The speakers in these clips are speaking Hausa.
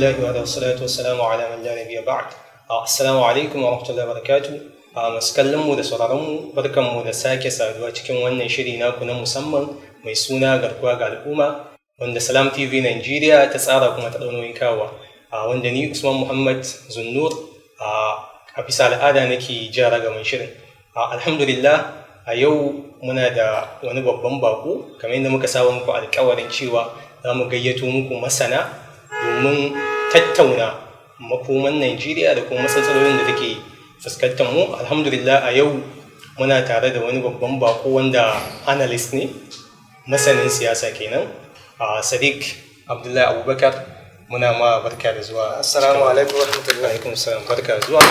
الله وعلى الصلاة والسلام على من لا نبي بعد assalamu alaikum wa rahmatullahi wa barakatu a ah, masu kallon mu da sauraron mu barkan mu da sake saduwa cikin wannan shiri naku na musamman mai suna garkuwa ga al'umma wanda salam tv nigeria ta tsara kuma ta ɗaunoyin kawa a ah, wanda ni usman muhammad zunnur ah, a bisa al'ada nake jan ragaman shirin alhamdulillah a yau muna da wani babban bako kamar yadda muka saba muku alkawarin cewa za mu gayyato muku masana domin tattauna makoman najeriya da kuma matsalolin da take fuskantar mu alhamdulillah a yau muna tare da wani babban bako wanda analyst ne masanin siyasa kenan a sadiq abdullahi abubakar muna ma barka da zuwa assalamu alaikum wa rahmatullahi wa salam barka da zuwa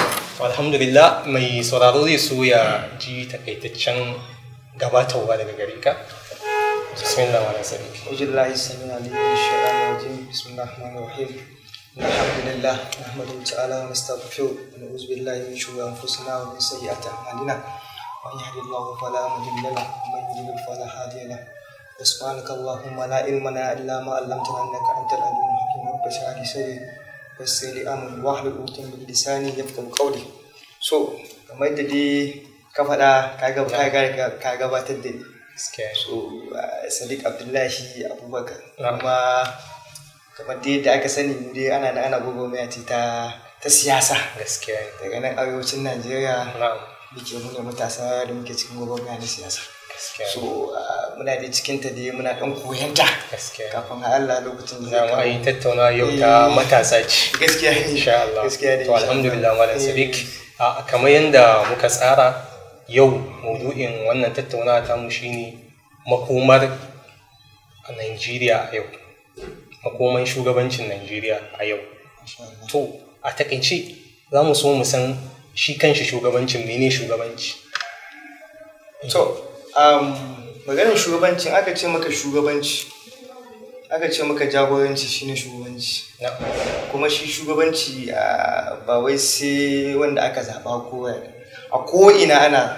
alhamdulillah mai sauraro zai so ya ji takaitaccen gabatarwa daga gare ka بسم الله وعلى سبيل أعوذ بالله السميع العليم من الشيطان الرجيم بسم الله الرحمن الرحيم الحمد لله نحمده تعالى ونستغفره ونعوذ بالله من شرور أنفسنا ومن سيئات أعمالنا من يهد الله فلا مضل له ومن يضلل فلا هادي له وسبحانك اللهم لا علم لنا إلا ما علمتنا إنك أنت العليم الحكيم رب اشرح لي صدري ويسر لي أمري واحلل عقدة من لساني يفقهوا قولي so kamar da dai ka faɗa ka gabatar da so oh, uh, sadiq abdullahi abubakar ah. kuma kamar dai da aka sani mu dai ana ana gwagwarmaya ce ta ta siyasa gaskiya daga nan arewacin najeriya muke muna matasa da muke cikin gwagwarmaya na siyasa so uh, muna da cikin ta dai muna dan koyan ta kafin har Allah lokacin da zamu yi tattauna yau ta eh, matasa ce gaskiya insha Allah gaskiya to alhamdulillah malam eh. sadiq ah, kamar yanda muka tsara yau maudu'in wannan tattaunawa ta mu shine makomar a Najeriya a yau makoman shugabancin Najeriya a yau to a takaice za mu so mu san shi kanshi shugabancin mene shugabanci to um, maganin shugabancin aka ce maka shugabanci aka ce maka jagoranci shine shugabanci kuma shi shugabanci ah, ba wai sai wanda aka zaba kowa ne a ko'ina ana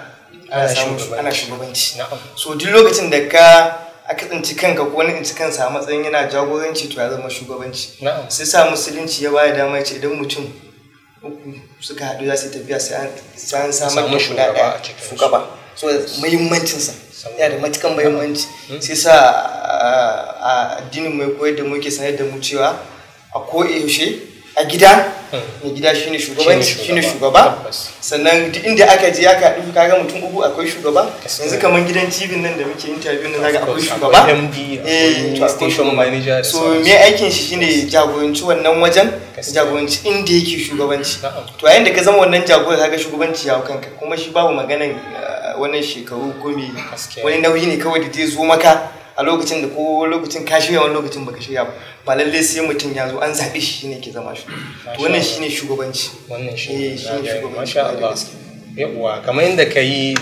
ana shugabanci so duk lokacin da ka aka tsinci kanka ko wani tsinci kansa a matsayin yana jagoranci to ya zama shugabanci sai sa musulunci ya baya dama ya ce idan mutum uku suka haɗu za su tafiya sai an samar da guda ɗaya shugaba so muhimmancinsa yana da matukan muhimmanci hmm? sai sa a addinin mai koyar da muke sanar da mu cewa a ko'e yaushe a gida hmm. mai gida shine shugaba shine shugaba sannan duk inda aka je aka haɗu kaga mutum uku akwai shugaba yanzu kamar gidan cibin nan da muke interview nan zaga akwai shugaba eh station manager so me aikin shi shine jagoranci wannan wajen jagoranci inda yake shugabanci to yayin da ka zama wannan jagora kaga shugabanci ya kanka kuma shi babu maganan eh, wannan shekaru gumi wani nauyi ne kawai da zai zo maka a lokacin da ko lokacin ka shirya wani lokacin baka shirya ba lalle sai mutum ya zo an zaɓe shi shine ke zama shi wannan shine shugabanci wannan shi ne eh, shugabanci masha Allah uwa kamar yadda ka yi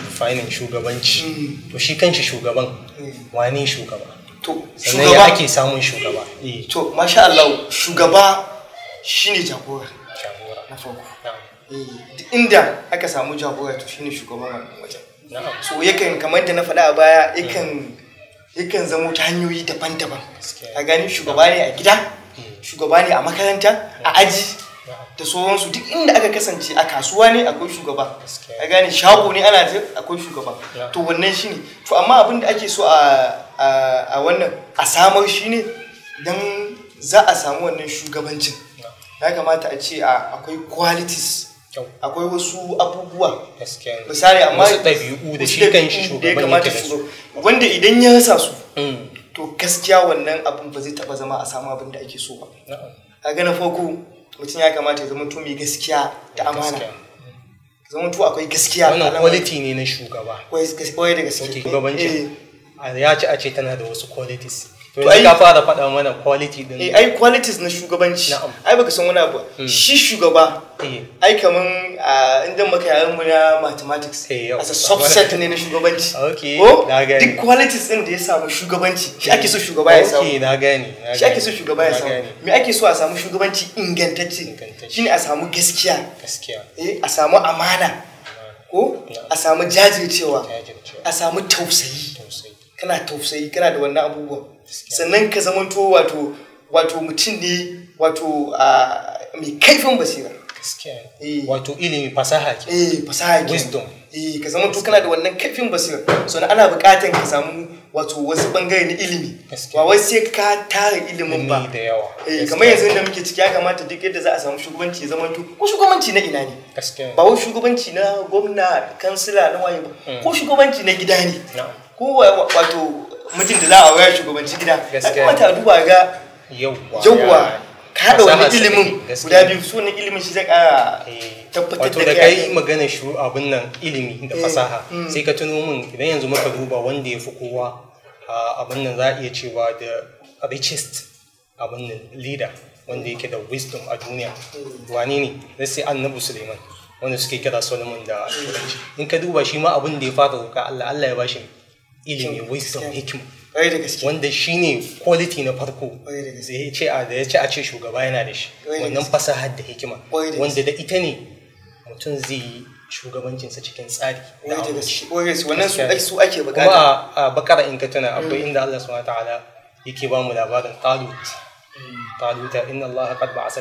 shugabanci mm. to shi kanshi shugaban mm. wani shugaba to Sannan ya ake samun shugaba eh. to masha Allah shugaba shine jagora jagora na farko eh, inda aka samu jagora to shine shugaban wajen so yakan kamar da na faɗa a baya yakan mm. yakan zamo ta hanyoyi daban-daban a gani shugaba ne a gida eh. shugaba ne a makaranta a eh. aji da sauransu duk inda aka kasance a kasuwa ne akwai shugaba a gani shago ne ana ta akwai shugaba to wannan shi ne. to amma abin da ake so a wannan a samar shi ne, don za a samu wannan shugabancin ya kamata a ce akwai qualities akwai wasu abubuwa misali amma wasu ɗabi'u da shi kan shi shugaban yake su wanda idan ya rasa su mm. to gaskiya wannan abin ba zai taba zama a samu abin da ake so ba A gana farko mutum ya kamata ya zama to mai gaskiya da amana zama to akwai gaskiya wannan quality ne na shugaba Kwaye da gaskiya shugabanci eh. a ya ci a ce tana da wasu qualities to ai ka fara faɗa mana quality din eh ai qualities na shugabanci ai baka san wani abu hmm. shi shugaba eh. ai kaman inda muka yi mu na mathematics eh, as a subset ne na shugabanci okay oh, na gani duk qualities din da ya samu shugabanci shi ake so shugaba ya samu okay na gani shi ake so shugaba ya samu me ake so a samu shugabanci ingantacce shine a samu gaskiya gaskiya eh a samu amana ko a samu jajircewa a samu tausayi kana tausayi kana da wannan abubuwan sannan ka zamanto wato wato mutum ne wato mai kaifin basira eh. wato ilimi fasaha ke eh fasaha ke wisdom eh ka zamanto kana da wannan kaifin basira sannan ana buƙatar ka samu wato wasu bangare na ilimi ba wai sai ka tara ilimin ba da yawa eh kamar yanzu da muke ciki ya kamata duk yadda za a samu shugabanci ya zamanto ko shugabanci na ina ne ba wai shugabanci na gwamna kansila na waye ba mm. ko shugabanci na gida ne ko wato mutum da za a waya shugabanci gida gaskiya kuma a duba ga yawwa ka haɗa wani ilimin guda biyu su wani ilimin shi zai ƙara eh, tabbatar da wato da kai magana shuru abin nan ilimi da eh, fasaha mm. sai ka tuno min idan yanzu muka duba wanda ya fi kowa abin nan za a iya cewa da richest abin nan leader wanda yake da wisdom a duniya mm. wane ne let's say annabi suleiman wanda suke kira solomon da turanci in ka duba shi ma abin da ya fara roƙa allah allah ya bashi ilimi wisdom hikima wanda shi ne quality na farko da ya ce a ce shugaba yana da shi wannan fasahar da hikima wanda da ita ne mutum zai yi shugabancinsa cikin tsari wannan su ake bukata kuma a bakara in ka tuna mm. akwai inda Allah subhanahu ta'ala yake ba mu labarin talut mm. talut inna Allah qad ba'asa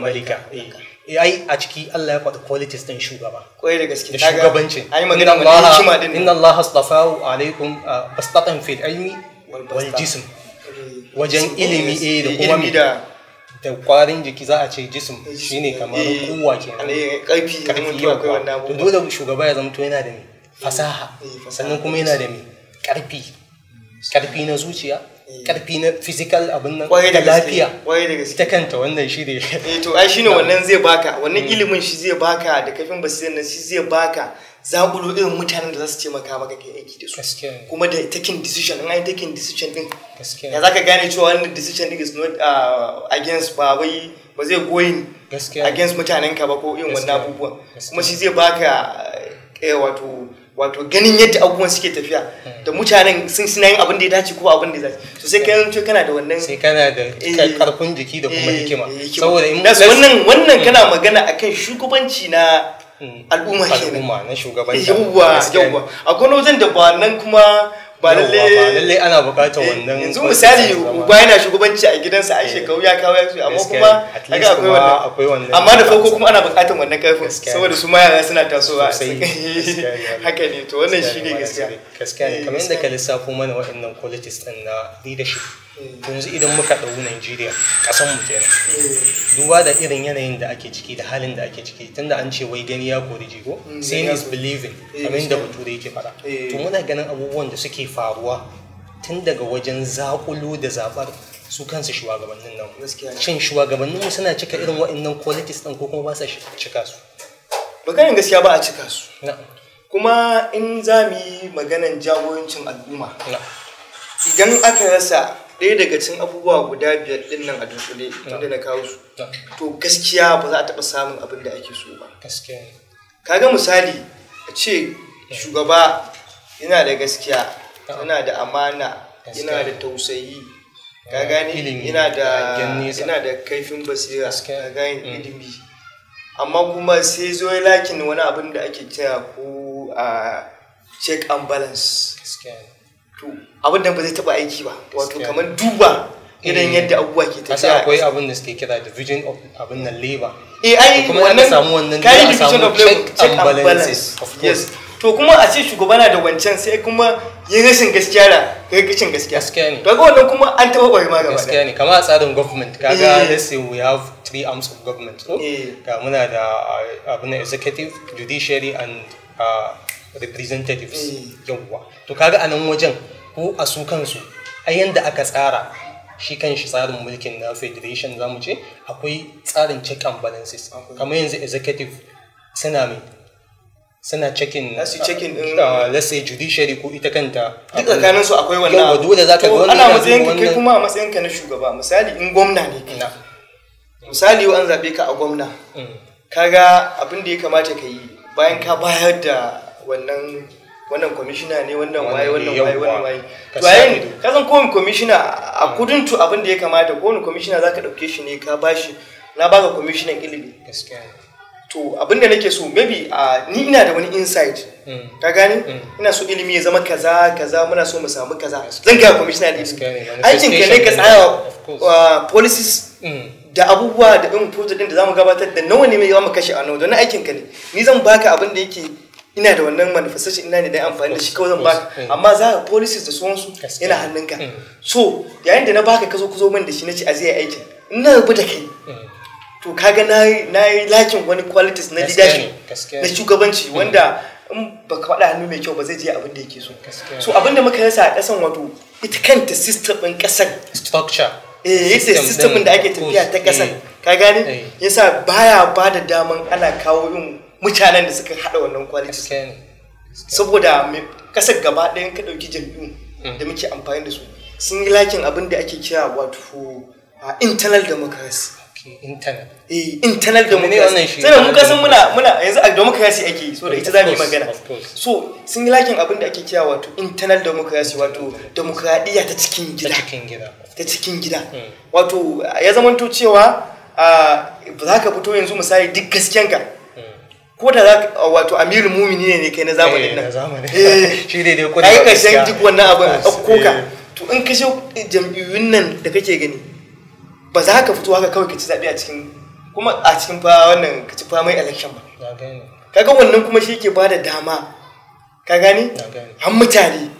malika eh. ai a ciki Allah ya faɗi qualities din shugaba koyi da gaske da shugabancin ai magana Allah hikima din inna Allah astafahu alaikum bastatan fil ilmi wal jism eh, wajen ilimi eh, eh da eh, kuma mi da kwarin jiki za a ce jism shine kamar kuwa kowa kenan karfi karfi to dole shugaba ya zama to yana da fasaha sannan kuma yana da mi karfi mm, karfi na zuciya Mm. karfi na physical abin nan da lafiya ita kanta wannan shi ne eh to ai shine wannan zai baka wannan mm. ilimin shi zai baka da kafin basirin nan shi zai baka zabulo irin mutanen da za su taimaka maka kai aiki da su kuma da taking decision in ai taking decision din ya zaka gane cewa wannan decision din is not uh, against ba wai ba zai goyin against mutanen ka ba ko irin wannan abubuwan kuma shi zai baka eh, wato wato ganin yadda abubuwan suke tafiya hmm. da mutanen sun suna yin abin da ya dace ko abin da ya dace to sai ka yanzu kana da wannan sai kana da eh. karfin jiki da kuma eh, hikima saboda in wannan wannan hmm. kana magana akan shugabanci na hmm. al'umma kenan al'umma na shugabanci yawwa yawwa akwai wajen da ba nan kuma ba lalle ana buƙatar eh, wannan yanzu misali uba yana shugabanci a gidansa a eh, shekaru ya kawo yasu amma kuma akwai wannan amma da farko kuma ana buƙatar wannan karfin saboda su ma yara suna tasowa haka ne to wannan shi ne gaskiya gaskiya eh, kamar yadda ka lissafo mana waɗannan qualities din na leadership yanzu idan muka ɗau Najeriya ƙasan mu kenan duba da irin yanayin da ake ciki da halin da ake ciki tunda an ce wai gani ya kori jigo mm, saying is believing eh, amin da bature yake fara. Eh. to muna ganin abubuwan da suke faruwa tun daga wajen zaƙulu da zaɓar su kansu shugabannin nan cin shugabannin mu suna cika irin waɗannan qualities ɗin ko kuma ba sa cika su maganin gaskiya ba a cika su kuma in za mu yi maganan jagorancin al'umma idan aka rasa ɗaya daga cikin abubuwa guda biyar ɗin nan a dunkule tunda na kawo su to gaskiya ba za a taɓa samun abin da ake so ba Ka ga misali a ce shugaba yana da gaskiya yana da amana yana da tausayi ka gane yana da kaifin basira ka gane mm. ilimi amma kuma sai zo lakin wani abin da ake kira ko a ah, check and balance abin da ba zai taba aiki ba wato kamar duba irin eh. yadda abubuwa ke tafiya akwai abin da suke kira division of abin nan labor eh ai wannan samu wannan kai division of labor check and balances of course to kuma a ce shugabana da wancan sai kuma yin rashin gaskiya da rikicin gaskiya gaskiya ne daga wannan kuma an taba bari ma gaba gaskiya ne kamar a tsarin government kaga eh. let's say we have three arms of government Ka eh. ga muna da ah, abin executive judiciary and uh, representatives eh. yawwa to kaga a nan wajen ko a su kansu a yanda aka tsara shi kan shi tsarin mulkin na federation za mu ce akwai tsarin check and balances kamar yanzu executive suna mai suna cikin na su checking din let's say judiciary ko ita kanta duk tsakanin su akwai wannan yawa dole zaka ga wannan ana matsayin ka kai kuma a matsayin ka na shugaba misali in gwamna ne kana misali an zabe ka a gwamna mm. kaga abin da ya kamata ka yi bayan ka bayar da wannan wannan kwamishina ne wannan waye wannan waye wannan waye to yayin ka san kowane kwamishina a mm. kuduntu abin da ya kamata kowane kwamishina zaka dauke shi ne ka bashi na baka kwamishinan ilimi gaskiya to abin da nake so maybe ni ina da wani insight mm. ka gani mm. ina so ilimi ya zama kaza kaza muna so mu samu kaza zan ga kwamishina ne. ilimi aikin ka ne ka tsaya policies da abubuwa da irin project din da zamu gabatar da nawa ne mai yawa mu kashe a nawa don aikin ka ne ni zan baka abin da yake ina da wannan manifestation ina ne dai amfani da shi kawai zan baka mm. amma za ka policies da sauransu yana hannunka mm. so yayin da na baka ka zo ku zo min da shi na ce a zai aikin ina rubu da kai mm. to kaga na yi lakin wani qualities na leadership na shugabanci wanda in baka faɗa hannu mai kyau ba zai je abin da yake so so abin da muka rasa a ƙasan wato ita kanta system ɗin ƙasar structure eh ita system da ake tafiya ta ƙasar eh. ka gane eh. yasa baya ba da daman ana kawo yin mutanen da suka haɗa wannan quality saboda kasar gaba ɗayan ka ɗauki jam'iyyu mm. da muke amfani da su sun yi lakin abin da ake kira wato internal democracy internal eh internal democracy sannan muka san muna muna yanzu a democracy ake so da ita za mu magana so sun yi lakin abin da ake kira wato internal democracy wato demokradiyya ta cikin gida ta cikin gida mm. wato ya zamanto cewa ba za ka fito yanzu misali duk gaskiyanka ko da za ka wato amirul mumini ne ne kai na zamanin nan eh, eh, shi ne dai ko da ka san duk wannan abin akkoka eh. to in ka shi jam'iyyun nan da kake gani ba za ka fito haka kawai ka ci zaɓe a cikin kuma a cikin fa wannan ka ci fa mai election ba ka ga wannan kuma shi ke bada dama ka gani har mutane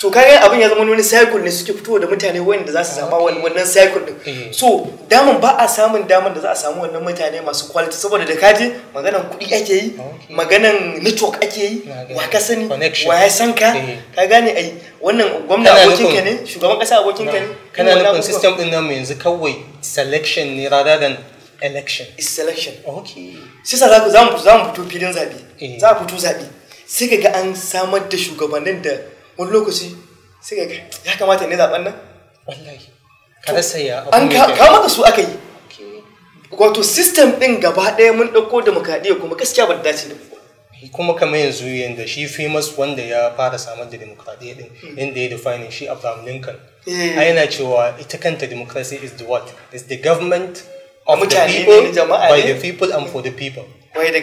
to kaga abin ya zama wani cycle ne suke fitowa da mutane wanda za su zama wannan cycle din mm-hmm. so damun ba a samun damun da za a samu wannan mutane masu quality saboda da kaje maganan kuɗi ake yi maganan network ake yi wa ka sani wa ya san ka mm-hmm. ka gane ai wannan gwamna abokin ka ne shugaban kasa abokin ka ne kana da system din nan yanzu kawai selection ne rather than election is selection okay sai za mu fito filin zabe eh. za a fito zabe sai ka ga an samar da shugabannin da wani lokaci sai ga ya kamata ne zaben nan wallahi ka rasa ya an ka mata su aka yi wato system din gaba ɗaya mun ɗauko demokradiyya kuma gaskiya ba dace da kuma kamar yanzu yanda shi famous wanda ya fara samar da demokradiyya din inda hmm. ya define shi Abraham Lincoln eh. a yana cewa ita kanta democracy is the what is the government of the people by the people and for the people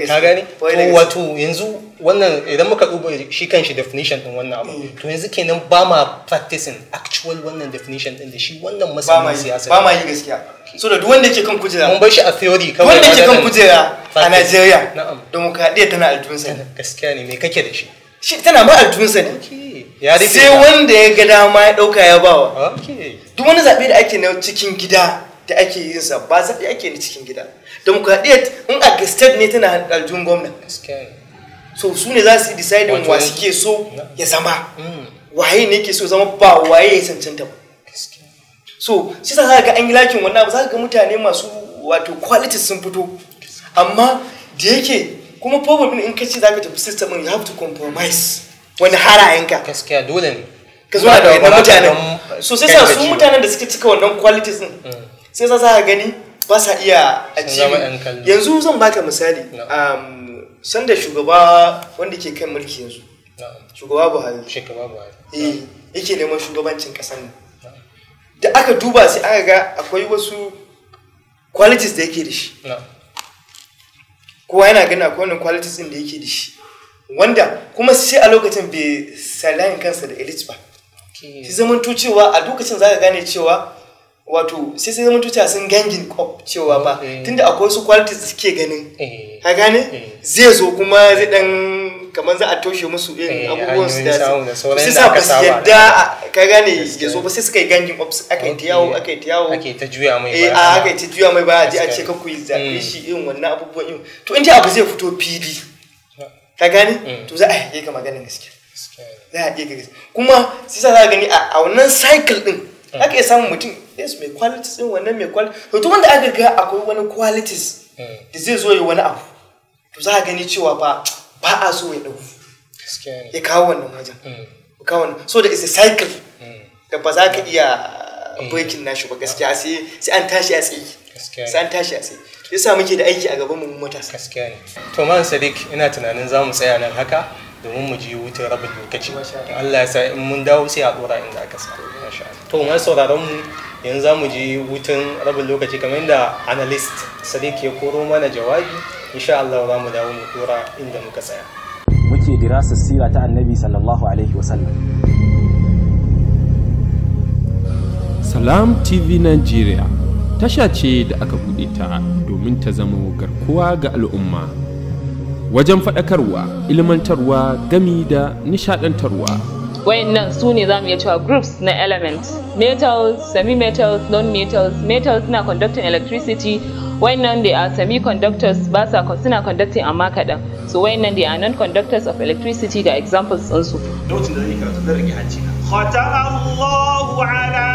ka gani to wato yanzu wannan idan muka duba shi kan shi definition din wannan abu eh. to yanzu kenan ba ma practicing actual wannan definition din da shi wannan masanin siyasa ba ma yi gaskiya so da duk wanda ke kan kujera mun bar shi a theory kawai wanda ke kan kujera a Najeriya na'am demokradiyya tana aljunsa ne gaskiya ne me kake da shi shi tana ma aljunsa ne sai wanda ya ga dama ya dauka ya bawa duk wani zabe da ake na cikin gida da ake yin sa ba zabe ake na cikin gida demokradiyyar in a state ne tana aljun gwamna so su ne za su decide wa suke so ya zama mm. waye ne ke so zama ba waye ya cancanta ba so shi sa ga an yi lakin wannan abu za ga mutane masu wato qualities sun fito amma da yake kuma problem in ka ce za ka tafi system you have to compromise wani harayenka gaskiya dole ne ka zuwa da wannan mutanen so sai sa su mutanen da suke cika wannan qualities din mm. sai sa za ka gani ba sa iya achieving yanzu zan baka misali um, sanda shugaba wanda ke kan mulki yanzu shugaba buhari shugaba buhari eh, yake neman shugabancin kasar ne da aka duba sai aka ga akwai wasu qualities da yake da shi kowa yana gani akwai wannan qualities din da yake da shi wanda kuma sai a lokacin bai salayin kansa da elite ba shi zamanto cewa a lokacin za ka gane cewa wato sai sai zama tuta sun gangin kop cewa ba eh. tunda akwai su kwalita da suke ganin eh. ka gane eh. zai zo kuma zai dan kamar za a toshe musu in abubuwan su da sai sa ba su yadda ka gane ya zo ba sai suka yi gangin kop aka yi ta yawo aka yi ta yawo ta juya mai ba. aka yi ta juya mai ba a je a ce ka ku zaɓe hmm. shi irin wannan abubuwan irin to in abu zai fito fili ka gane hmm. to za a yi ka maganin gaskiya za a yi ka gaskiya kuma sai sa za a gani a wannan cycle din aka iya samun mutum yes mai qualities din wannan mai qualities to wanda aka ga akwai wani qualities da zai zo yi wani abu to za a gani cewa ba ba a so ya dauki ya kawo wannan wajen mm. ya kawo wannan so da is a cycle mm. da ba za ka iya mm. breaking nashi ba ah. gaskiya sai sai an tashi a tsaye sai an tashi a tsaye yasa muke da aiki a gaban mu matasa gaskiya ne to man sadiq ina tunanin za mu tsaya nan haka domin mu ji wutar rabin lokaci Allah ya sa in mun dawo sai a dora inda aka sa to mai sauraron mu yanzu za mu ji hutun rabin lokaci kamar inda analyst Sadiq ya koro mana jawabi insha Allah za mu dawo mu dora inda muka tsaya muke dirasar sira ta annabi sallallahu alaihi wasallam Salam TV Nigeria tasha ce da aka buɗe ta domin ta zama garkuwa ga al'umma wajen faɗakarwa ilmantarwa gami da nishaɗantarwa wayannan su ne mu iya cewa groups na elements metals semi-metals non-metals metals suna conducting electricity wayannan they are semi-conductors, ba sa suna conducting amma kaɗan so wayannan they are non-conductors of electricity ga examples su. lokacin da zai karatu zai rage hanci na ختم الله على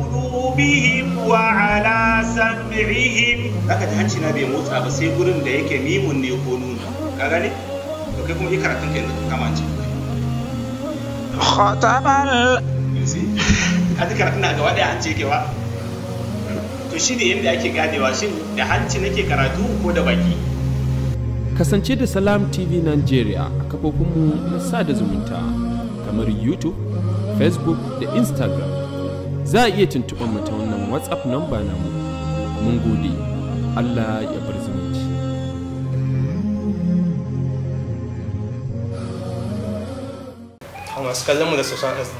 قلوبهم وعلى سمعهم zaka ji hanci na bai motsa ba sai gurin da yake mimun ne ko nuna ka gane to kai kuma yi karatun ka yanzu ka kama ce khatabal ka ji karatun na gaba daya an ce kewa to shi ne yadda ake ganewa shin da hanci nake karatu ko da baki kasance da salam tv nigeria a kafofinmu na sada zumunta kamar youtube facebook da instagram za a iya tuntuɓar mu ta wannan whatsapp number namu mun gode allah ya masu kallon mu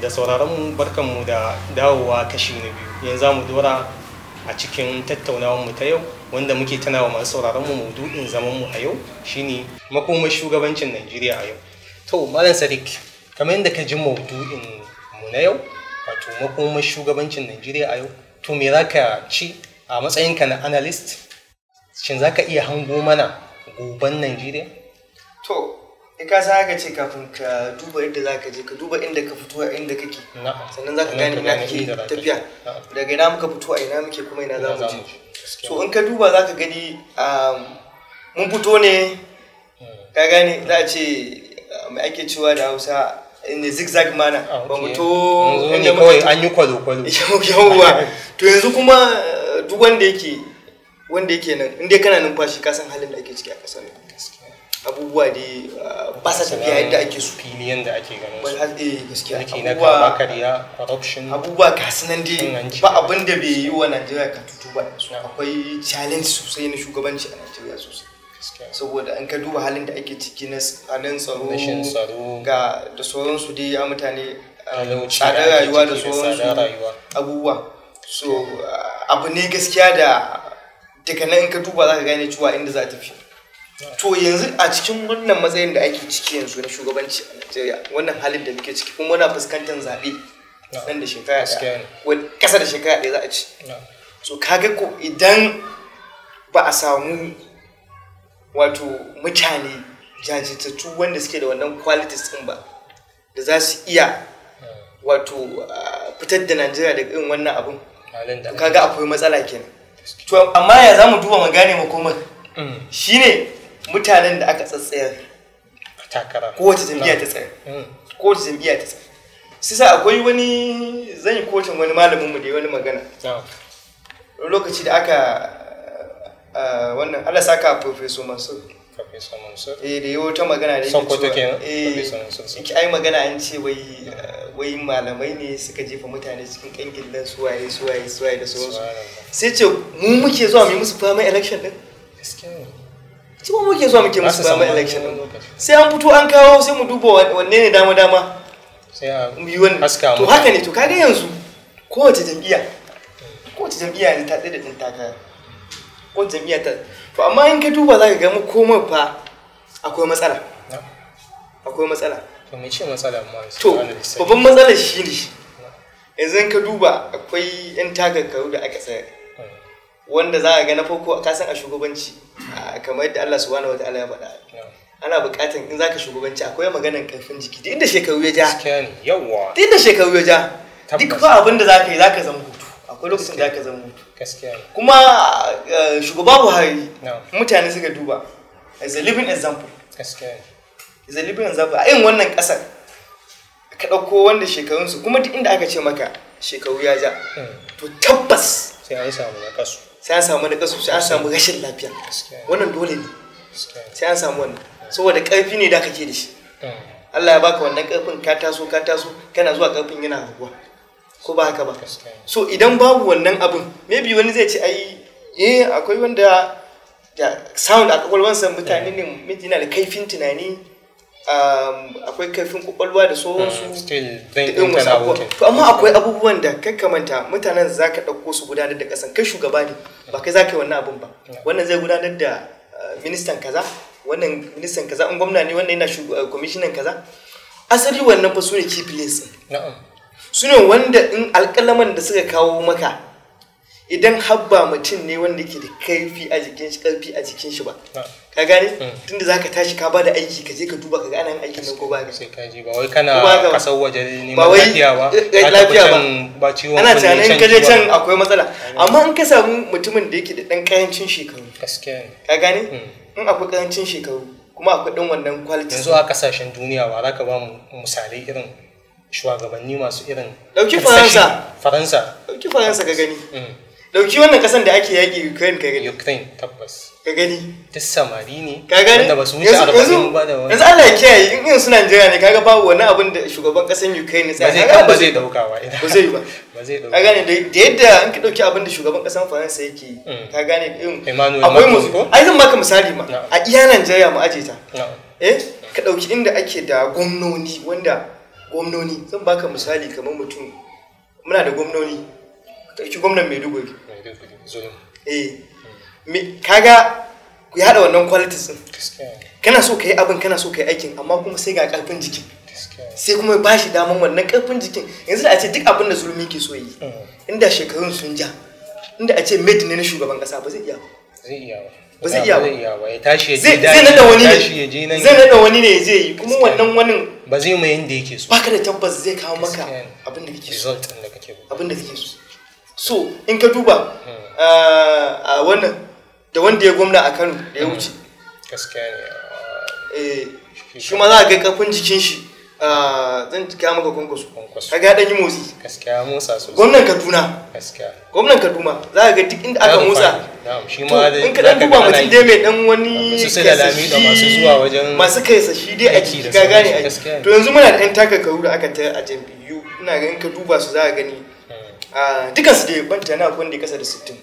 da sauraron mu barkan mu da dawowa kashi na biyu yanzu mu dora a cikin tattaunawar mu ta yau wanda muke tana wa masu sauraron mu maudu'in zaman mu a yau shine makomar shugabancin Najeriya a yau to malam Sadiq kamar yadda ka ji maudu'in mu na yau wato makomar shugabancin Najeriya a yau to me zaka ci a matsayinka na analyst shin zaka iya hango mana goban Najeriya to in ka sa haka ce kafin ka duba inda za ka je ka duba inda ka fito a inda kake sannan za ka gane ina kake tafiya daga ina muka fito a ina muke kuma ina za mu je so in ka duba za ka gani um, mun fito ne hmm. ka gane za a ce mai um, ake cewa da hausa in the zigzag mana ah, ba mu to inda kawai an yi kwalo kwalo yawwa to yanzu kuma uh, duk wanda yake wanda yake nan in kana numfashi ka san halin da ake ciki a kasar nan abubuwa dai ah, ba sa tafiya yadda ake su fili yadda ake ganin su eh gaskiya abubuwa kariya corruption abubuwa ga sunan dai ba abin da bai yi wa Najeriya ka tutu ba akwai challenge sosai na shugabanci a Najeriya sosai saboda an ka duba halin da ake ciki na halin tsaro ga da sauransu dai ya mutane ah, tsadar rayuwa da sauransu abubuwa so ah, abu ne gaskiya da daga nan in ka duba za ka gane cewa inda za ta fi to yanzu a cikin wannan matsayin da ake ciki yanzu na shugabanci a Najeriya wannan halin da muke ciki kuma muna fuskantar zaɓe nan da shekara ɗaya ƙasa da shekara ɗaya za a ci so kaga ko idan ba a samu wato mutane jajirtattu wanda suke da wannan qualities ɗin ba da za su iya wato ah, fitar da Najeriya daga irin wannan abun kaga akwai matsala kenan to amma ya za mu duba mu gane makomar mm. shine mutanen da aka tsatsayar takara mm. kowace jam'iyya ta tsaya kowace jam'iyya ta tsaya su sa akwai wani zan yi kotun wani malaminmu da yi wani magana lokaci da aka wannan Allah saka professor Mansur professor eh da yi ta magana da yake sokoto kenan eh, professor Mansur yake ai magana an ce wai wai malamai ne suka jefa mutane cikin kangillan suwaye suwaye suwaye da sauransu sai ce mu muke zuwa mu musu primary election din gaskiya ci ba muke zuwa muke election sai an fito an kawo sai mu duba wanne ne dama dama sai a to haka ne to kaga yanzu kowace jam'iyya kowace jam'iyya ne ta tsaye da takara kowace jam'iyya ta to amma in ka duba za ka gama komai fa akwai matsala akwai matsala to me ce matsala amma to babban matsalar shi ne yanzu in ka duba akwai 'yan takarkaru da aka tsaya wanda za a ga na farko ka san a shugabanci kamar yadda Allah subhanahu ta'ala ya faɗa ana buƙatar in zaka shugabanci akwai maganar karfin jiki duk da shekaru ya ja yawa duk da shekaru ya ja duk ba abin da zaka yi zaka zama hutu akwai lokacin da zaka zama hutu kuma eh, shugaba Buhari mutane suka duba as a living example is a living example a yin wannan ƙasar ka ɗauko wanda shekarunsu kuma duk inda aka ce maka shekaru ya ja hmm. to tabbas sai an samu na kasu sai an samu nakasu sai an samu rashin lafiya wannan dole ne sai an samu wannan saboda karfi ne da kake da shi Allah ya baka wannan karfin ka taso ka taso kana zuwa karfin yana raguwa ko ba haka ba so idan babu wannan abin maybe wani zai ce ai eh akwai wanda da sound a kwakwalwansa mutane ne mijina da kaifin tunani Um, akwai kaifin kwakwalwa da sauransu hmm, to amma akwai abubuwan da kai kamanta mutanen za ka ɗauko su gudanar da ƙasan kai shugaba ne ba kai za ka yi wannan abin ba wannan zai gudanar da uh, ministan kaza wannan ministan kaza in gwamna ne wannan yana uh, kwamishinan kaza asali wannan fa su ne key players su ne wanda in alƙalaman da suka kawo maka idan habba mutum ne wanda ke da kaifi a jikin shi ba ka gane mm. tunda zaka tashi ka bada aiki ka je ka duba ka ga ana yin aikin nan ko ba ka sai ka je ba wai kana kasar waje ne ba wai lafiya eh, ba ba ciwon ana tunanin ka je can akwai matsala mm. amma in ka samu mutumin da yake da dan kayancin shekaru gaskiya ka gane mm. in akwai kayancin shekaru kuma akwai dan wannan quality yanzu a kasashen duniya ba za ka ba mu misalai irin shugabanni masu irin dauki faransa faransa dauki faransa ka gani dauki wannan kasan da ake yaƙi Ukraine ka gani Ukraine tabbas ka gani duk samari ne ka gani wanda ba su wuce 40 ba da wani yanzu Allah ya kiyaye in yin suna Najeriya ne kaga babu wani abin da shugaban kasan Ukraine tsaya kaga ba zai dauka ba ba zai ba ba zai dauka ka gani da yadda in ka dauki abin da shugaban kasan Faransa yake hmm. ka gane irin akwai mu ai zan maka misali ma a iya Najeriya mu aje ta eh ka dauki inda ake da gwamnoni wanda gwamnoni zan baka misali kamar mutum muna da gwamnoni ɗauki gwamnan maiduguri eh. kaga ku haɗa wannan qualities din kana so ka yi abin kana so ka yi aikin amma kuma sai ga ƙarfin jikin sai kuma ba shi daman wannan ƙarfin jikin yanzu da a ce duk abin da zulumi ke so yi mm. inda shekarun sun ja inda a ce made ne na shugaban kasa ba zai iya ba zai iya ba ya tashi ya je zai nada wani ne zai nada wani ne zai yi kuma wannan wani ba zai mai yanda yake so baka da tabbas zai kawo maka abin da kake so abin da kake so so in ka duba hmm. uh, a wannan da wanda ya gwamna a kano da ya hmm. wuce uh, eh, shi ma za a ga kafin jikin shi uh, zan kya maka kwankwaso ka ga ɗan yi motsi gwamnan kaduna gwamnan kaduna za a ga duk inda aka motsa in ka ɗan duba mutum dai mai ɗan wani masu kai sa shi dai aiki ka gane aiki to yanzu muna da ɗan taka karu da aka ta a jam'iyyu ina ga in ka duba su za a gani Ah, dukan su dai banta na akwai wanda kasa da 60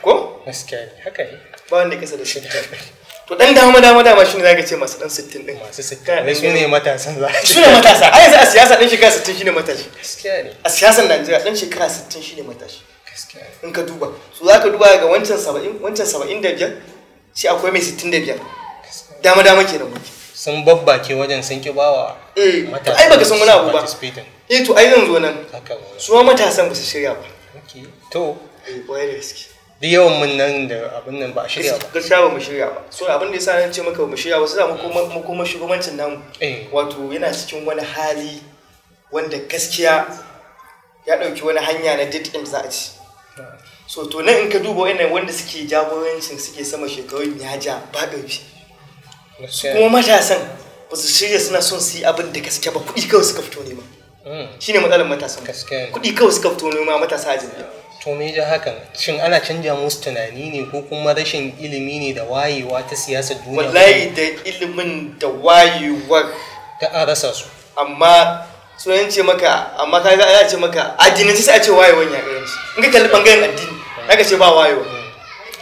ko gaskiya ne haka ne ba wanda kasa da 60 to dan dama dama dama shine zaka ce masu dan 60 din masu 60 su ne matasa? za su ne matasa a yanzu a siyasa dan shekara 60 shine matashi gaskiya ne a siyasar Najeriya dan shekara 60 shine matashi gaskiya in ka duba so zaka duba ga wancan 70 wancan biyar, shi akwai mai 65 dama dama kenan muke sun ke wajen sun ki bawa eh ai baka san wani abu ba eh to ai zan nan su ma matasan ba su shirya ba to kwaye eh, da gaske da yawan mun nan da abin nan ba a shirya ba gaskiya ba mu shirya ba so abin da yasa na ce maka ba mu shirya ba sai mu kuma shugabancin namu eh. wato yana cikin wani hali wanda gaskiya ya ɗauki wani hanya na did in za a ci so to nan in ka duba wannan wanda suke jagorancin suke sama shekarun ya ja ba ƙarfi kuma matasan ba su shirya suna son su yi abin da gaske ba kuɗi kawai suka fito ne ma. Mm. shine matsalar matasa kuɗi kawai suka fito noma matasa a jirgin to me ja hakan shin ana canja musu tunani ne ko kuma rashin ilimi ne da wayewa ta siyasar duniya wallahi da ilimin da wayewar ta an rasa su amma sunan ce maka amma ka ga ce maka addini sai a ce wayewar ya in ka kalli bangaren addini ka ce ba wayewa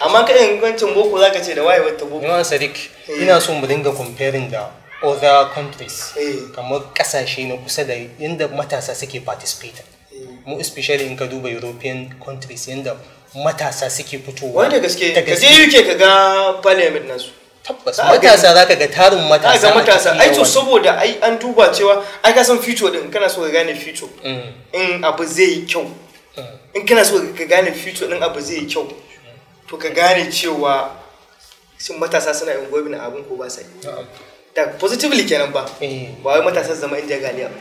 amma ka yin gancin boko zaka ce da wayewar ta boko ina son mu dinga comparing da other countries eh. kamar kasashe na kusa da inda matasa suke participate eh. mu especially in ka duba european countries inda matasa suke fitowa wanda gaske ka je UK ka ga parliament nasu tabbas matasa za ka ga tarin matasa ga matasa ai to saboda ai an duba cewa ai ka san future din kana so ka gane future mm. in abu zai yi kyau mm. in kana so ka gane future din abu zai yi kyau to ka gane cewa sun matasa suna na abin ko ba sai da positively kenan ba eh. ba wai matasa zama inda galiya ba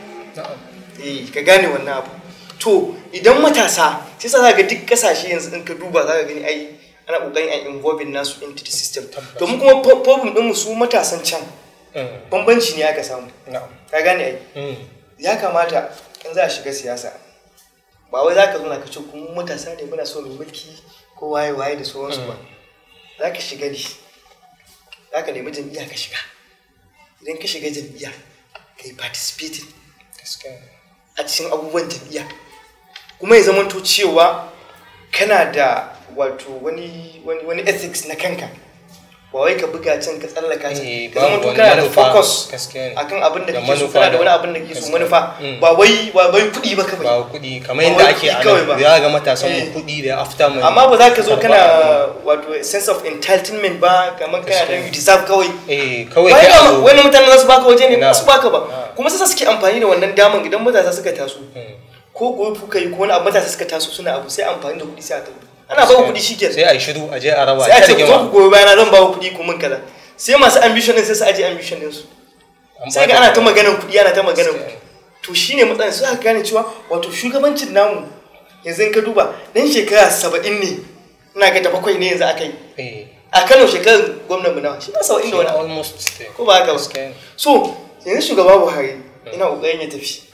eh ka gane wannan abu to idan matasa sai sa ga duk kasashe yanzu in ka duba za ka gani ai ana kokarin a involving nasu into the system to mu kuma problem din mu su matasan can eh. bambanci ne aka samu ka gane ai eh. ya kamata in za a shiga siyasa ba wai za ka zo na ka ce kuma matasa ne muna so mu mulki ko waye waye da sauransu ba za ka shiga ne za ka nemi jam'iyya ka shiga idan ka shiga jam'iyya ka yi participating a cikin abubuwan jam'iyya kuma ya zamanto cewa kana da wato wani ethics na kanka ba wai ka buga can ka tsallaka can eh, ka zama to kana da focus akan abin da kake so kana da wani abin da kake so manufa mm. ba wai ba wai kuɗi ba kawai ba kudi kamar yadda ake ana ya ga matasan mu eh. kuɗi da after money amma ba za ka zo kana wato sense of entitlement ba kamar kana da you deserve kawai eh kawai kai wani mutane za su baka waje ne ba su baka ba kuma sai suke amfani da wannan daman idan matasa suka taso hmm. ko gobe kuka yi ko wani abu matasa suka taso suna abu sai amfani da kuɗi sai a tabbata ana ba kuɗi shi sai a yi shiru a je a raba sai a ce ku goyi bayana zan ba ku kuɗi ku mun kaza sai masu ambition din sai su aje ambition din su sai ga ana ta maganar kuɗi ana ta maganar kuɗi to shine matsalar su aka gane cewa wato shugabancin namu yanzu ka duba dan shekara saba'in ne ina ga ta bakwai ne yanzu aka yi eh. a kano shekarar gwamnan mu nawa shi ba saba'in da wani eh. ko ba haka so yanzu shugaba buhari ina hmm. ƙoƙarin ya tafi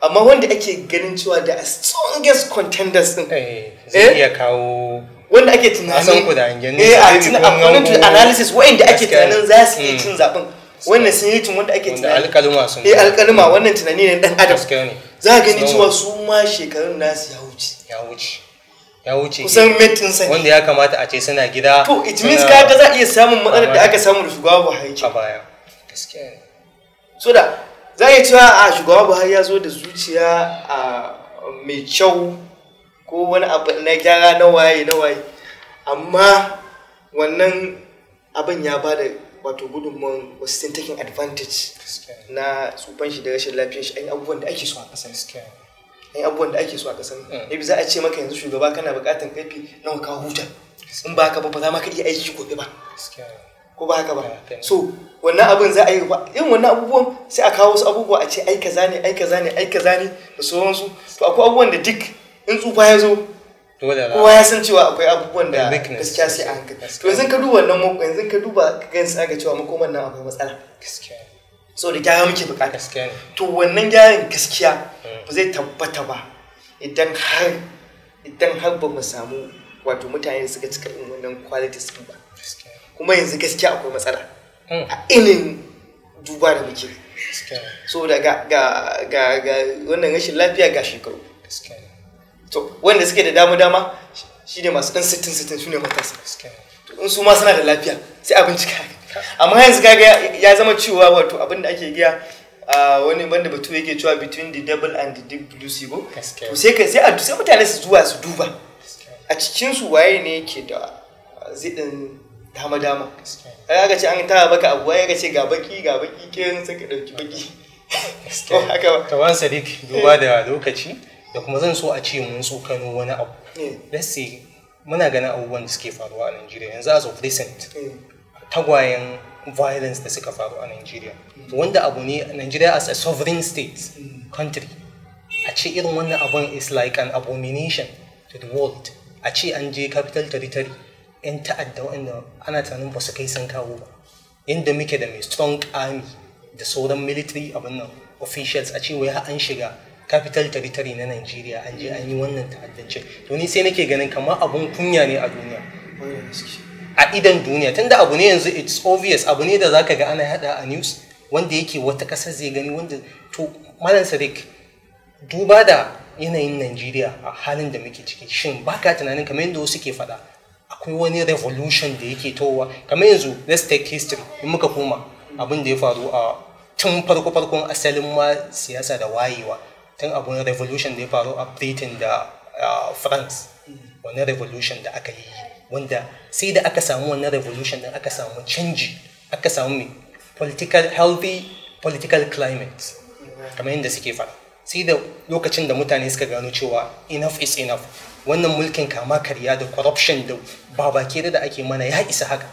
amma wanda ake ganin cewa da a strongest contenders din eh, zai eh? iya kawo wanda ake tunanin ku da hangen eh a tunanin to analysis wanda ake tunanin za su iya hmm. cin zaben wannan sun yi tun wanda ake tunanin alƙaluma sun eh alƙaluma hmm. wannan tunani ne dan adam za ka gani cewa su ma shekarun nasu ya wuce ya wuce ya wuce kusan metin sani wanda ya kamata a ce suna gida to it means ka ga za a iya samun matsalar da aka samu da shugaba Buhari a baya gaskiya ne so da za a cewa a shugaba buhari ya zo da zuciya a mai kyau ko wani abu na gyara na waye na waye amma wannan abin ya ba da wato gudunmuwan wasu sun taking advantage na tsufan shi da rashin lafiyar shi an abubuwan da ake so a ƙasar an abubuwan da ake so a ƙasar mm. bi za a ce maka yanzu shugaba kana buƙatar kaifi nawa ka huta in ba ka ba ba za ma ka iya aiki gobe ba ko ba haka ba so wannan abin za a yi yin wannan abubuwan sai a kawo su abubuwa a ce ai kaza ne ai kaza ne ai kaza ne da sauransu to akwai abubuwan da duk in tsufa ya zo kowa ya san cewa akwai abubuwan da gaskiya sai a hankali to yanzu ka duba wannan mako yanzu ka duba ka gani sai ga cewa makoman nan akwai matsala gaskiya so da gyara muke bukata to wannan gyaran gaskiya hmm. ba zai tabbata ba idan har idan har ba mu samu wato mutane suka cika irin wannan qualities ba kuma yanzu gaskiya akwai matsala hmm. a inin duba da muke so da ga wannan rashin lafiya ga shekaru to wanda suke da damu dama shi ne masu dan sittin sittin ne matasa in su ma suna da lafiya sai a bincika amma yanzu kaga ya zama cewa wato abin da ake giya wani wanda batu yake cewa between the double and the deep blue sea go to sai ka sai a sai mutane su zuwa su duba a cikin su waye ne yake da zidin dama dama ai ga ce an tara baka abu ai ga ce ga baki ga baki kin sai ka dauki baki to haka ba to sadiq duba da lokaci da kuma zan so a ce mun tsokano wani abu let's say muna ganin abubuwan da suke faruwa a Najeriya yanzu as of recent tagwayen violence da suka faru a Najeriya mm. wanda abu ne Najeriya as a sovereign state mm. country a ce irin wannan abun is like an abomination to the world a ce an je capital territory 'yan ta'adda waɗanda ana tunanin ba su kai san kawo ba inda muke da mai strong army da sauran military abin nan officials a ce wai an shiga capital territory na Nigeria an je an yi wannan ta'addance to ni sai nake ganin kamar abun kunya ne a duniya a idan duniya tunda abu ne yanzu it's obvious abu ne da zaka ga ana hada a news wanda yake wata ƙasar zai gani wanda to malam sadiq duba da yanayin Najeriya a halin da muke ciki shin baka tunanin kamar yadda wasu ke faɗa akwai wani revolution da yake towa kamar yanzu let's take history in muka koma abin da ya faru a tun farko farkon asalin ma siyasa da wayewa tun abin revolution da ya faru a britain da france wani revolution da aka yi wanda sai da aka samu wani revolution din aka samu canji aka samu mai political healthy political climate kamar yadda suke faɗa sai da lokacin da mutane suka gano cewa enough is enough wannan mulkin kama karya da corruption da babake da ake mana ya isa haka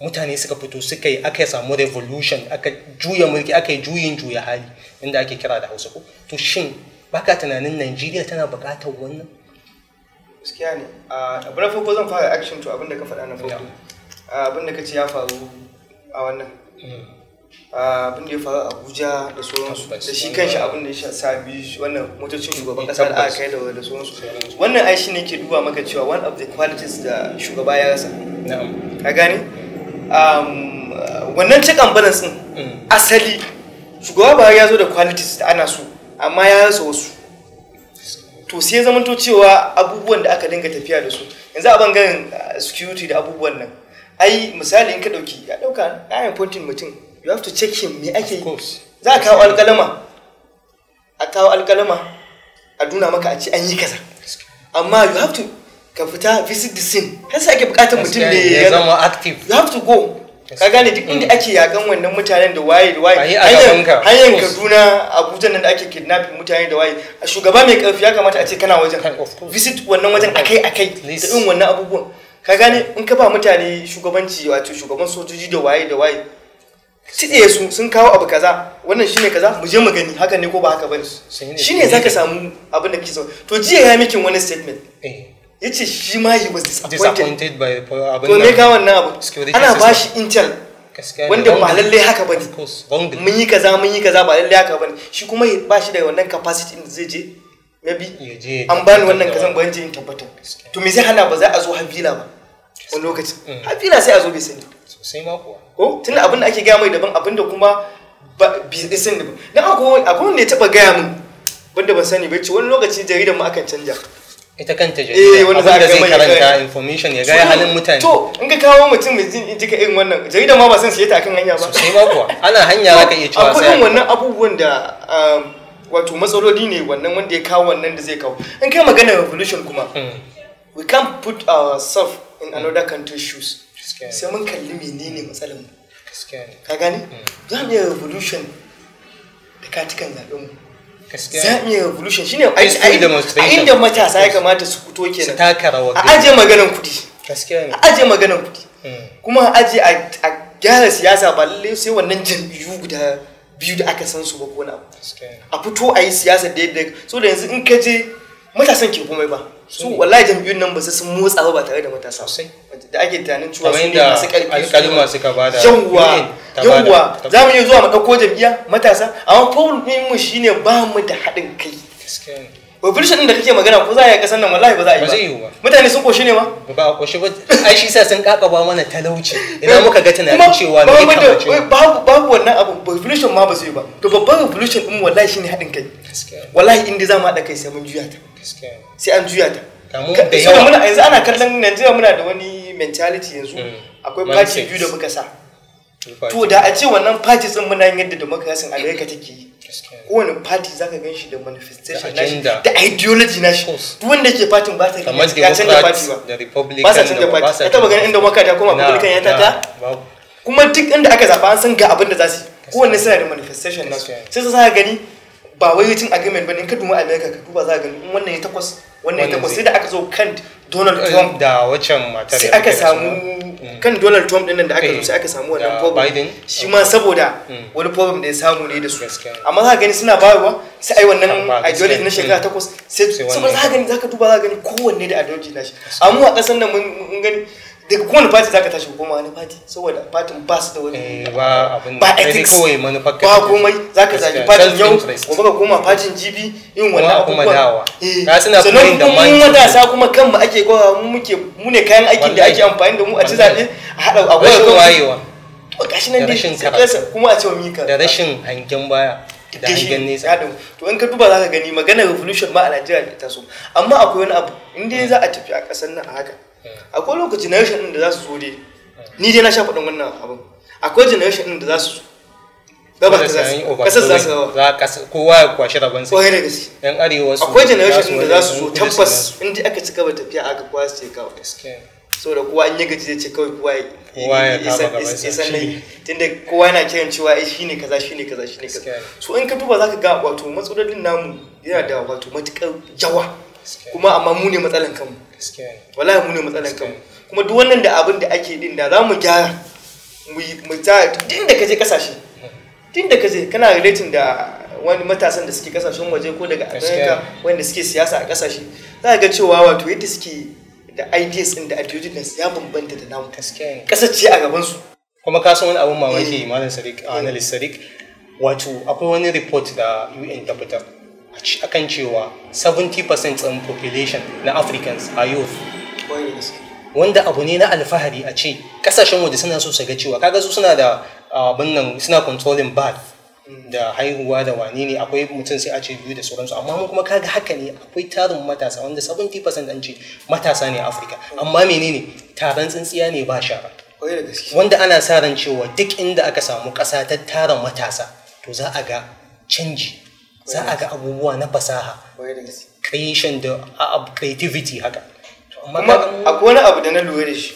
mutane suka fito suka yi aka samu revolution aka juya mulki aka yi juyin juya hali inda ake kira da hausa ko to shin baka tunanin najeriya tana buƙatar wannan gaskiya ne abu farko zan fara action to abin da ka faɗa na farko abin da ka ce ya faru a wannan hmm. Ah, abin da ya faru a abuja da sauransu da shi kanshi abin da ya sami wannan motocin shugaban kasa da aka kai da sauransu wannan ai shine ke duba maka cewa one of the qualities da shugaba ya rasa ka gane um, wannan cikan balance mm. asali shugaba ba ya zo da qualities da ana so amma ya rasa wasu to sai to cewa abubuwan da aka dinga tafiya da su yanzu a bangaren ah, security da abubuwan nan ai misali in ka dauki ya dauka na pointing mutum you have to check him me ake yi za a kawo alkalama a kawo alkalama a duna maka a ce an yi kaza amma you have to ka fita visit the scene har sai ake buƙatar mutum ne ya zama active you have to go ka gane duk inda mm. ake yakan wannan mutanen da waye da waye hanyar kaduna abuja nan da ake kidnapping mutane da waye a shugaba mai karfi ya kamata a ce kana wajen visit wannan wajen akai akai da irin wannan abubuwan ka gane in ka ba mutane shugabanci wato shugaban sojoji da waye da waye cide su sun kawo abu kaza wannan shine kaza mu je mu gani haka ne ko ba haka bane shine zaka samu abin da kike so to jiya ya mikin wani statement eh. yace shi ma yi was disappointed by abin to me ga wannan abu ana bashi intel wanda ba lalle haka bane mun yi kaza mun yi kaza ba lalle haka bane shi kuma ba shi da wannan capacity din zai je maybe an bani wannan kazan ba je in tabbatar to me zai hana ba za a zo habila ba wani lokaci mm. habila sai a zo bai sani sosai ma kuwa ko tunda abin da ake gaya mai daban abin da kuma biznisin daban dan akwai akwai ne ya taba gaya min banda ban sani bai ce wani lokaci jaridar mu akan canja ita kanta jarida eh wanda zai karanta information ya gaya halin mutane to in ka kawo mutum mai jin jika irin wannan jaridar ma ba san siye ta kan hanya ba sosai ma kuwa ana hanya za iya cewa sai akwai wannan abubuwan da um, wato matsaloli ne wannan wanda ya kawo wannan da zai kawo in kai magana revolution kuma hmm. we can't put ourselves in another country's shoes sai mun kalli menene matsalar mu ka gani hmm. za mu yi revolution da katikan zaɓe mu za mu yi revolution shine a inda matasa ya kamata su fito nan a aje maganan kudi. a aje maganan kudi hmm. kuma a aje a gyara siyasa ba lalle sai wannan jam'iyyu guda biyu da aka san su ba ko na a fito a yi siyasa da yadda so da yanzu in ka je matasan ke komai ba su wallahi jam'iyyun nan ba su sun motsa ba tare da matasa da ake tunanin cewa su ne masu karfi su kalma suka bada yawwa yawwa za mu iya zuwa mu ɗauko jam'iyya matasa amma problem mu shine ba mu da haɗin kai population din da kake magana ko za a yi kasan nan wallahi ba za a yi ba mutane sun koshi ne ma ba a koshi ba ai shi sa sun ba mana talauci idan muka ga tunanin cewa me ya kamace babu babu wannan abu population ma ba su yi ba to babban population din wallahi shine haɗin kai wallahi inda za mu haɗa kai sai mun juya ta sai an juya ta da yawa yanzu ana kallon Najeriya muna da wani mentality yanzu mm. akwai party biyu da muka sa to da a ce wannan party din muna yin yadda da muka ga take yi kowane party zaka gan shi da manifestation na shi da ideology na shi duk wanda ke fatin ba ta ya canza party ba ba sa canza party ita magana inda maka ta koma republican ya tata kuma duk inda aka zaba an san ga abin da za su yi kowanne suna da manifestation na su sai sa gani ba wai cin agreement ba ne ka duba america ka duba za ka gani wannan ya takwas wannan ya takwas sai da aka zo kan donald eh, trump da waccan matar sai aka samu kan Donald Trump din nan da aka eh, zo sai aka samu wannan problem shi ma saboda hmm. wani problem da ya samu ne da su amma za gani suna bayarwa sai ai wannan ideology na shekara hmm. takwas sai saboda za gani za ka duba za gani kowanne da ideology na shi amma a ƙasar nan mun gani daga kowane fati zaka tashi koma wani fati saboda fatin ba su da wani eh, ba ba ethics kawai manufar ba komai zaka zaji fatin yau gobe ka koma fatin GB yin wannan abu kuma dawa eh, ka suna kuma yin da mun matasa kuma kanmu ake gowa mu muke mu ne kayan aikin da ake amfani da mu a ci zabe a hada a gowa kan wayewa to gashi nan dai kasa kuma a ce wa mika da rashin hangen baya da hangen nesa to in ka duba zaka gani maganar revolution ma a Najeriya ta so amma akwai wani abu in dai za a tafi a kasar nan a haka akwai lokaci na yashin da za su zo ni dai na sha faɗin wannan abin akwai generation din da za su gaba ta za su kasar za su gaba kowa ya kwashi rabon sai da gaske yan arewa su akwai generation din da za su zo tabbas in dai aka ci gaba tafiya aka kwa su ce kawai saboda kowa an yi gaji zai ce kawai kowa ya san nai tunda kowa yana kiran cewa ai eh, shine kaza shine kaza shine kaza so in ka duba zaka ga wato matsalolin namu yana da wato matukar jawa kuma amma mu ne matsalan kanmu wallahi mu ne matsalan kanmu kuma duk wannan da abin da ake din da za mu gyara mu ta din da kaje kasashe din da kaje kana relating da wani matasan da suke kasashen waje ko daga america wanda suke siyasa a kasashe za ga cewa wato yadda suke da ideas din da attitudes ya bambanta da namu kasar ce a gaban su kuma ka san wani abun mamaki eh. malam sadiq eh. analyst sadiq wato akwai wani report da un ta fitar kan cewa 70% tsan population na Africans are youth. Wanda abu ne na alfahari a ce kasashen waje suna so su ga cewa kaga su suna da abin nan suna controlling birth da haihuwa da wane ne akwai mutum sai a ce biyu da sauransu amma mun kuma kaga haka ne akwai tarin matasa wanda 70% an ce matasa ne a Afirka amma menene taron tsintsiya ne ba shara. Wanda ana sa ran cewa duk inda aka samu ƙasa ta tara matasa to za a ga canji za a ga abubuwa na fasaha creation da creativity haka kuma akwai wani abu da na lura da shi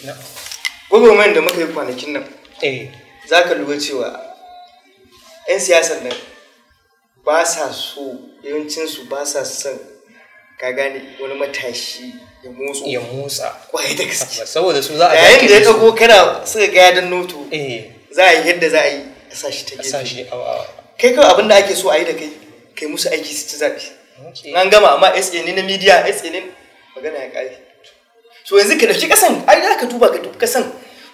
gwagwarmayar da muka yi kwanakin nan eh. za ka lura cewa 'yan siyasar nan ba sa so yawancinsu ba sa son ka gane wani matashi ya motsa ya motsa kwaye da gaske saboda su za a yayin da ya dago kana suka ga yadan noto eh. za a yi yadda za a yi a sa shi ta gefe kai kawai abin da ake so a yi da kai kai musu aiki su ci zaɓe an gama amma SA ne na media SA ne magana ya kare so yanzu ka dauki kasan ai za ka duba ka duba kasan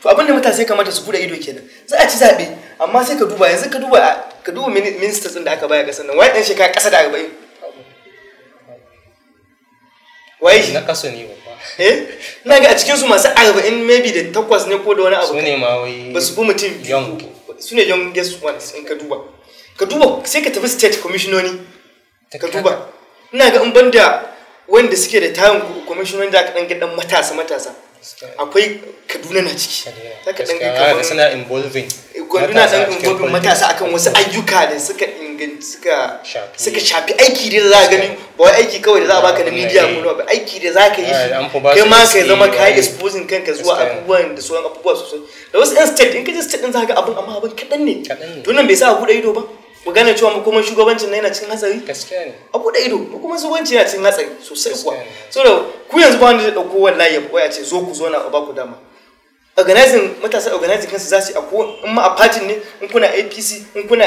to abin da matasa ya kamata su bude ido kenan za a ci zaɓe amma sai ka duba yanzu ka duba ka duba ministers din da aka baya kasan nan wai dan shekara kasa da 40 wai na kaso ne ba eh na ga a cikin su masu 40 maybe da takwas ne ko da wani abu su ne ma wai ba su bi mutum young su ne guest ones in ka duba ka duba sai ka tafi state commissiononi ka duba ina ga in banda wanda suke da tayin commissiononi da aka dan gidan matasa matasa akwai kaduna na ciki za ka dan kaduna suna involving kaduna dan involving matasa akan wasu ayyuka da suka inganta suka shafi aiki da za ka gani ba wai aiki kawai da za a baka na media ko ba aiki da za ka yi kai ma kai zama ka yi exposing kanka zuwa abubuwan da sauran abubuwa sosai da wasu yan state in ka je state din za ka ga abin amma abin kadan ne to nan bai sa a bude ido ba mu gane cewa mu shugabancin na yana cikin hatsari abu ne a bude ido mu kuma shugabanci yana cikin hatsari sosai kuwa so da ku yanzu ba wanda zai dauko wallahi ya koya ce zo ku zo na ba ku dama organizing matasa organizing kansu za su yi a in ma a fatin ne in kuna apc in kuna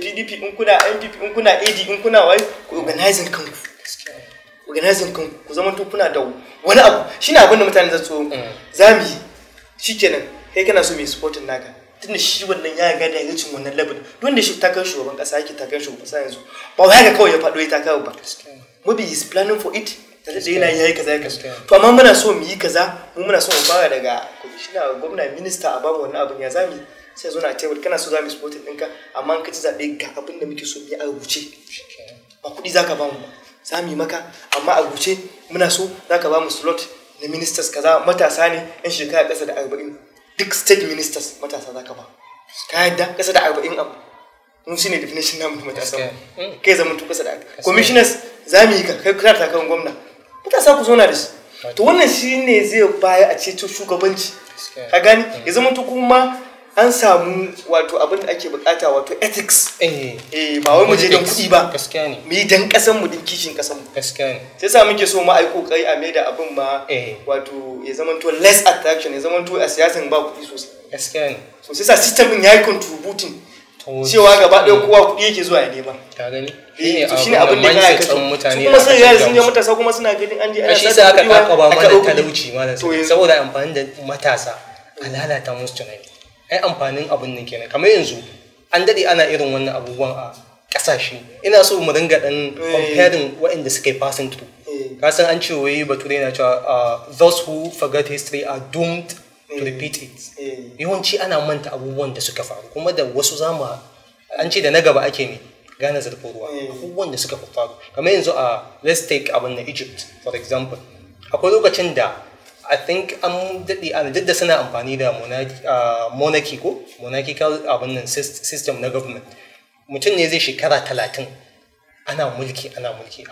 pdp eh, in kuna npp in kuna ad in kuna wayo ku organizing kanku organizing kanku ku zama kuna da wani abu shine abin da mutane za su mm. za mu yi shikenan kai kana so mai supportin naka tunda shi wannan ya ga da ya cin wannan labin don da shi ta kai shugaban kasa yake ta kai shugaban kasa yanzu ba wai haka kawai ya faɗo ya ta kawo ba maybe is planning for it da zai yana yayi kaza ya kaza to amma muna so mu yi kaza mu muna so mu fara daga kwamishina gwamna minista a bamu wannan abin ya zami sai zo na table kana so za mu supporting ɗinka amma ka ci zaɓe ga abin da muke so mu yi a rubuce ba kuɗi za ka ba mu za mu yi maka amma a rubuce muna so za ka ba mu slot na ministers kaza matasa ne 'yan shekara ƙasa da arba'in duk state ministers matasa za ka ba ka yadda kasa da arba'in abu mun shi ne definition namu matasa hmm. kai zama tu kasa da arba'in, commissioners za mu yi ka kai kira takan gwamna matasa ku zauna da shi to wannan shi ne zai baya a ceto shugabanci ka gani hmm. ya zama tu kuma an samu wato abin da ake bukata wato ethics eh. eh ba wai mu je don kuɗi ba gaskiya ne mu yi dan kasan mu din kishin kasan mu gaskiya ne sai sa muke so mu ai kokari a mai da abin ma eh. wato ya zamanto less attraction ya zamanto a siyasan ba kuɗi sosai gaskiya ne so sai sa system din yayi contributing cewa gaba ɗaya mm. kowa kuɗi yake zuwa ya nema ka gani eh, shi ne abin da ya kashe mutane kuma sun yi sun je matasa kuma suna ganin an je ana sa aka ba mana talauci ma saboda amfani da matasa a lalata musu tunani ai amfanin abin nan kenan kamar yanzu an dade ana irin wannan abubuwan a kasashe ina so mu ringa dan eh. comparing waɗanda suka yi passing through eh. ka san an ce wai bature na cewa ah, those who forget history are doomed to eh. repeat it yawanci ana manta abubuwan da suka faru kuma da wasu zama an ce da na gaba ake ne gane zurfin ruwa abubuwan da suka faru kamar yanzu a let's take abin na egypt for example akwai lokacin da I think an daɗe ana duk da suna amfani da ah, monarchy ko monarchical abin nan system na government mutum ne zai shekara talatin ana mulki ana mulki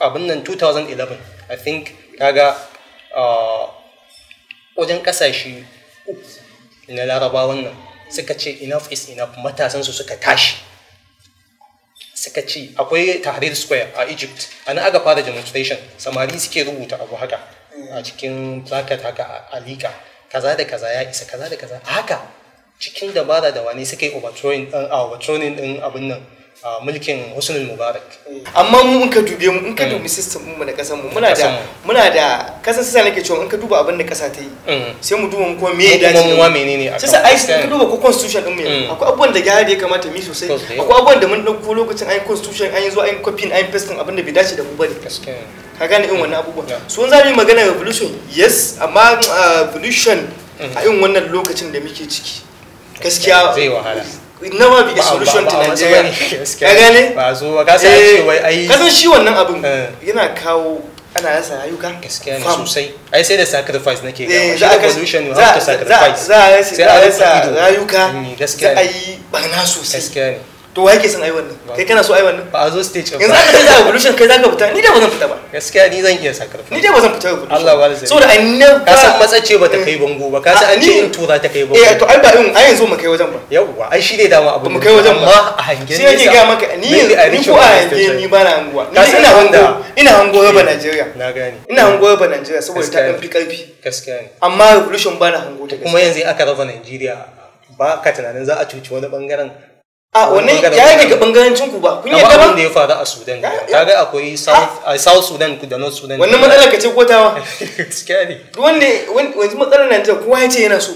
abin nan 2011 I think kaga ah, wajen ƙasashe na larabawan nan suka ce enough is enough matasansu suka tashi suka ce akwai tahrir square a egypt ana aka fara demonstration samari suke rubuta abu haka a cikin plakat haka a liƙa kaza da kaza ya isa kaza da kaza haka cikin dabara da wani suka yi overthrowing uh, din abin nan mulkin husnul mubarak amma mu in ka dube mu in ka mm. dubi system mu na kasan mu muna da muna da kasan sai nake cewa in ka duba abin da kasa ta yi mm. sai mu duba ko me ya dace mu menene ne sisa sai ka duba ko constitution din mu yanzu mm. akwai abubuwan da gyara da ya kamata mu sosai eh. akwai abubuwan da mun dauko lokacin ai constitution an zo ai copy ai paste abin da bai dace da mu bane ka gane irin wannan abubuwa so in za mu yi magana revolution yes amma uh, revolution a mm-hmm. irin wannan lokacin da muke ciki gaskiya zai wahala never be the solution to Nigeria ka gane ba zo ba ka sai eh, wai ai kasan shi wannan abin eh. yana kawo ana rasa rayuka gaskiya ne sosai ai sai da sacrifice nake ga eh, shi revolution you have to sacrifice za a rasa rayuka za a mm, yi bana sosai gaskiya ne to wa ke son ai wannan kai kana so ai wannan ba a zo stage yanzu ka ce za a evolution kai zaka fita ni da ba zan fita ba gaskiya ni zan iya sakar ni da ba zan fita evolution Allah ba zai saboda ai na ka san matsace ba ta kai bango ba ka san an ce eh. in tura ta kai bango eh to ai ba in ai yanzu mu kai wajen ba yawwa ai shi ne dama abu mu kai wajen ba a hange ne sai ga maka ni ni ko a hange ni ba na hanguwa ni ina hango ina hango ba Najeriya na gane ina hango ba Najeriya saboda ta dan fi karfi gaskiya ne amma evolution ba na hango ta kuma yanzu aka raba Najeriya ba ka tunanin za a cuci wani bangaren a wannan ya yi daga bangarancin ku ba kun yi gaba da ya faru a Sudan ta ga akwai South Sudan da North Sudan wannan matsalar ka ce ko tawa gaskiya ne wanda wanzu matsalar nan ta kowa ya ce yana so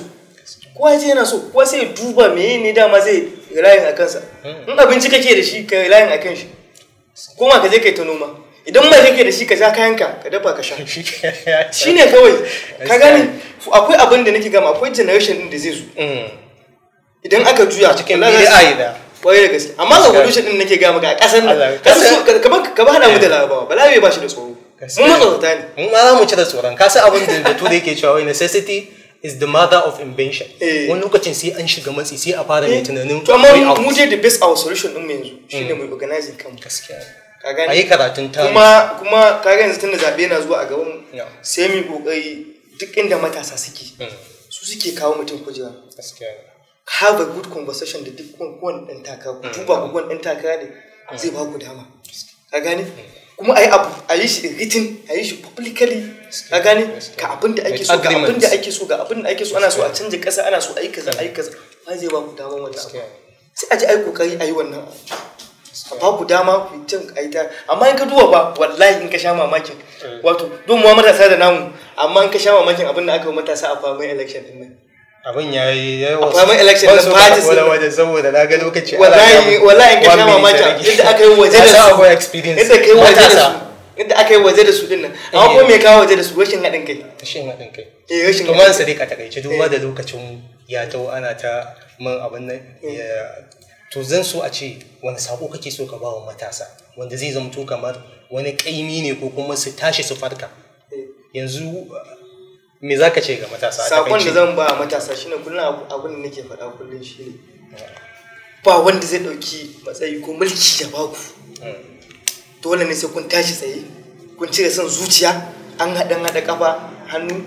kowa ce yana so kowa sai duba meye ne dama zai layin a kansa hmm. in abinci kake da shi ka layin a kan shi koma ka je ka yi ta noma idan mai kake da shi ka ja kayanka ka dafa ka sha shi ne kawai ka gani akwai abin da nake gama akwai generation din da zai zo hmm. idan aka juya cikin bid'a da kwarai da gaske amma ga solution din nake ga maka a kasan nan kamar kamar hada mu da eh. larabawa balawi ba shi da tsoro mun matsalata ne mun ma za mu ci da tsoron ka san abin da bature yake cewa wai necessity is the mother of invention eh. wani lokacin sai an shiga matsi sai a fara mai eh. tunanin to amma mu je the best our solution din mu yanzu hmm. shine mu organizing kanmu gaskiya ka gane ayi karatun ta kuma kuma ka ga yanzu tunda zabe yana zuwa a gaban sai mu kokari duk inda matasa suke hmm. su suke kawo mutum kujera gaskiya have a good conversation da duk kowane ɗan taka ku mm. duba ku kowane ɗan taka ne mm. zai ba ku dama ka gane kuma ayi abu a yi shi written a yi shi publicly ka gane ka abin da ake so ga abin da ake so ga abin da ake so ana so a canja ƙasa ana so a yi kaza a yi kaza ba zai ba ku dama wannan abu sai a ji ai kokari a yi wannan a ba ku dama ku yi ta amma in ka duba ba wallahi in ka sha mamakin mm. wato don mu matasa da namu amma in ka sha mamakin abin da aka yi matasa a farmer election din nan abin ya yi ya wasu akwai election da parties wala waje saboda na ga lokaci wallahi wallahi in ka sha mamaki inda aka yi waje da su inda kai waje da su inda aka yi waje da su din nan eh. amma ko me kawo waje da su rashin haɗin kai rashin haɗin kai eh rashin to man sadiq a takaice duba da eh. lokacin ya tawo ana ta min abin nan eh. to zan so a ce wani sako kake so ka ba wa matasa wanda zai zama zamto kamar wani kaimi ne ko kuma su tashi su farka yanzu me zaka ce ga matasa sakon da zan ba matasa shine kullum abin da nake faɗa kullum shine ba wanda zai ɗauki matsayi ko mulki ya baku dole ne sai kun tashi tsaye kun cire son zuciya an haɗa haɗa kafa hannu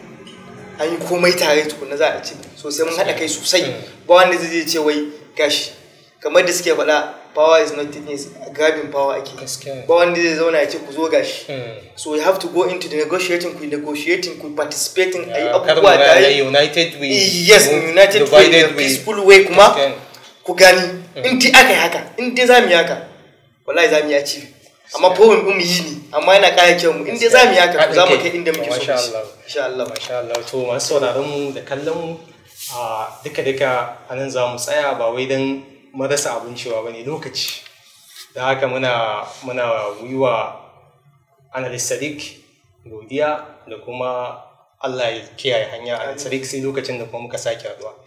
an yi komai tare tukuna za a ci sosai mun haɗa kai sosai mm. ba wanda zai ce wai gashi kamar da suke faɗa power is not taking grabbing power ake ba wanda zai zauna ya ce ku zo gashi hmm. so you have to go into the negotiating ku negotiating ku participating a yi abubuwa da yi united way yes united way the peaceful way kuma ku gani hmm. in ti aka yi haka in dai za mu yi haka wallahi za mu yi achieve amma problem mu yi ne amma yana kaya kyau mu in dai za mu yi haka za mu kai inda muke so insha Allah masha Allah to masu sauraron mu da kallon mu duka duka nan za mu tsaya ba wai dan marasa abin cewa ba ne lokaci da haka muna muna wiwa analyst sadiq godiya da kuma allah ya kiyaye hanya a sadiq sai lokacin da kuma muka sake haduwa